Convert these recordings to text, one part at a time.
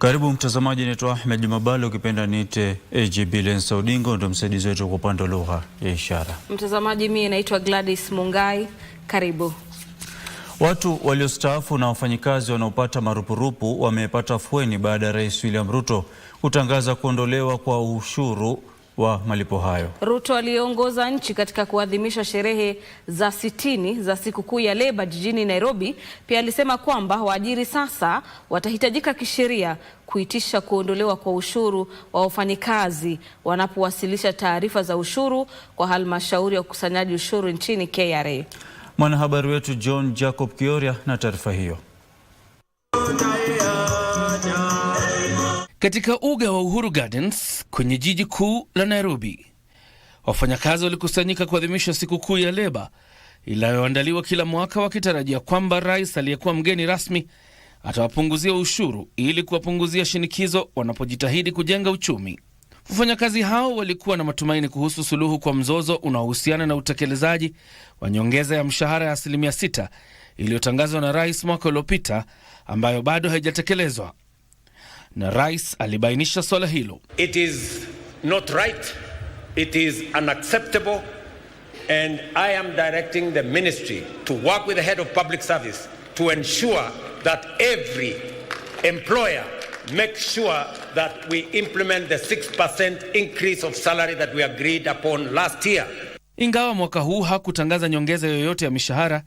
Karibu mtazamaji, naitwa Ahmed Jumabalo, ukipenda niite AJB Lensa Odingo, ndo msaidizi wetu kwa upande wa lugha ya ishara. Mtazamaji, mimi naitwa Gladys Mungai, karibu. Watu waliostaafu na wafanyikazi wanaopata marupurupu wamepata afueni baada ya Rais William Ruto kutangaza kuondolewa kwa ushuru wa malipo hayo. Ruto aliongoza nchi katika kuadhimisha sherehe za sitini za sikukuu ya leba jijini Nairobi. Pia alisema kwamba waajiri sasa watahitajika kisheria kuitisha kuondolewa kwa ushuru wa wafanyikazi wanapowasilisha taarifa za ushuru kwa halmashauri ya ukusanyaji ushuru nchini KRA. Mwanahabari wetu John Jacob Kioria na taarifa hiyo. Katika uga wa Uhuru Gardens kwenye jiji kuu la Nairobi, wafanyakazi walikusanyika kuadhimisha sikukuu ya leba inayoandaliwa kila mwaka wakitarajia kwamba rais aliyekuwa mgeni rasmi atawapunguzia ushuru ili kuwapunguzia shinikizo wanapojitahidi kujenga uchumi. Wafanyakazi hao walikuwa na matumaini kuhusu suluhu kwa mzozo unaohusiana na utekelezaji wa nyongeza ya mshahara ya asilimia 6 iliyotangazwa na rais mwaka uliopita ambayo bado haijatekelezwa na rais alibainisha swala hilo. It is not right. It is unacceptable and I am directing the ministry to work with the head of public service to ensure that every employer makes sure that we implement the 6% increase of salary that we agreed upon last year. Ingawa mwaka huu hakutangaza nyongeza yoyote ya mishahara,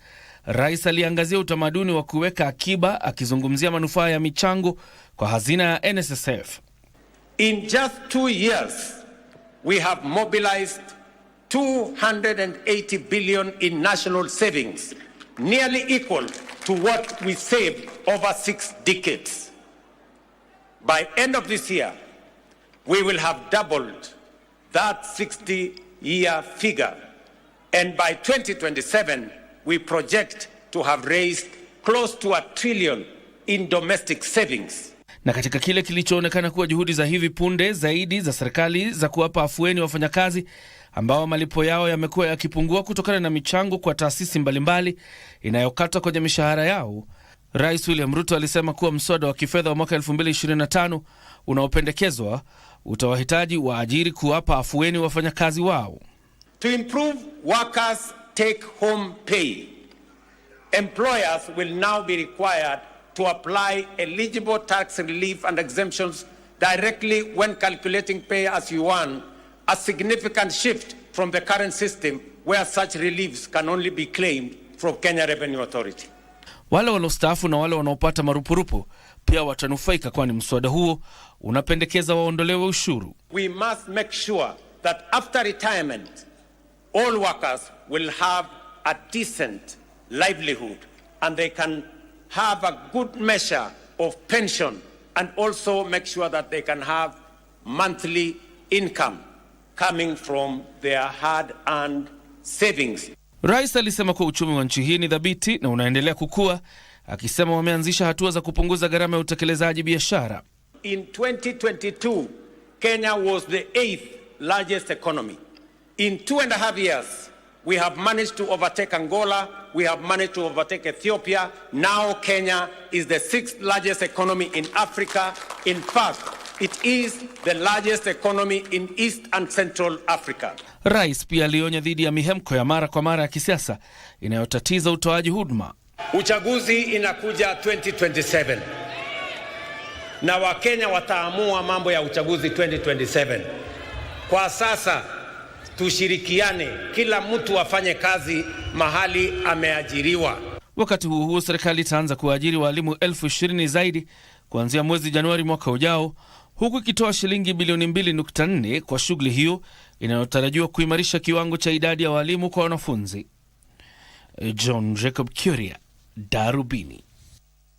Rais aliangazia utamaduni wa kuweka akiba akizungumzia manufaa ya michango kwa hazina ya NSSF. In just two years we have mobilized 280 billion in national savings nearly equal to what we saved over six decades. By end of this year we will have doubled that 60 year figure and by 2027 we project to have raised close to a trillion in domestic savings. Na katika kile kilichoonekana kuwa juhudi za hivi punde zaidi za serikali za kuwapa afueni wafanyakazi ambao malipo yao yamekuwa yakipungua kutokana na michango kwa taasisi mbalimbali inayokatwa kwenye mishahara yao. Rais William Ruto alisema kuwa mswada wa kifedha wa mwaka 2025 unaopendekezwa utawahitaji waajiri kuwapa afueni wafanyakazi wao. To improve workers take home pay. Employers will now be required to apply eligible tax relief and exemptions directly when calculating pay as you earn, a significant shift from the current system where such reliefs can only be claimed from Kenya Revenue Authority. Wale waliostaafu na wale wanaopata marupurupu pia watanufaika, kwani mswada huo unapendekeza waondolewe ushuru. We must make sure that after retirement all workers will have a decent livelihood and they can have a good measure of pension and also make sure that they can have monthly income coming from their hard-earned savings. Rais alisema kuwa uchumi wa nchi hii ni thabiti na unaendelea kukua, akisema wameanzisha hatua za kupunguza gharama ya utekelezaji biashara. In 2022, Kenya was the eighth largest economy. In two and a half years, we have managed to overtake Angola, we have managed to overtake Ethiopia. Now Kenya is the sixth largest economy in Africa. In fact, it is the largest economy in East and Central Africa. Rais pia alionya dhidi ya mihemko ya mara kwa mara ya kisiasa inayotatiza utoaji huduma. Uchaguzi inakuja 2027 na Wakenya wataamua mambo ya uchaguzi 2027. Kwa sasa tushirikiane, kila mtu afanye kazi mahali ameajiriwa. Wakati huo huo, serikali itaanza kuwaajiri waalimu elfu ishirini zaidi kuanzia mwezi Januari mwaka ujao, huku ikitoa shilingi bilioni 2.4 kwa shughuli hiyo inayotarajiwa kuimarisha kiwango cha idadi ya waalimu kwa wanafunzi. John Jacob Curia, Darubini.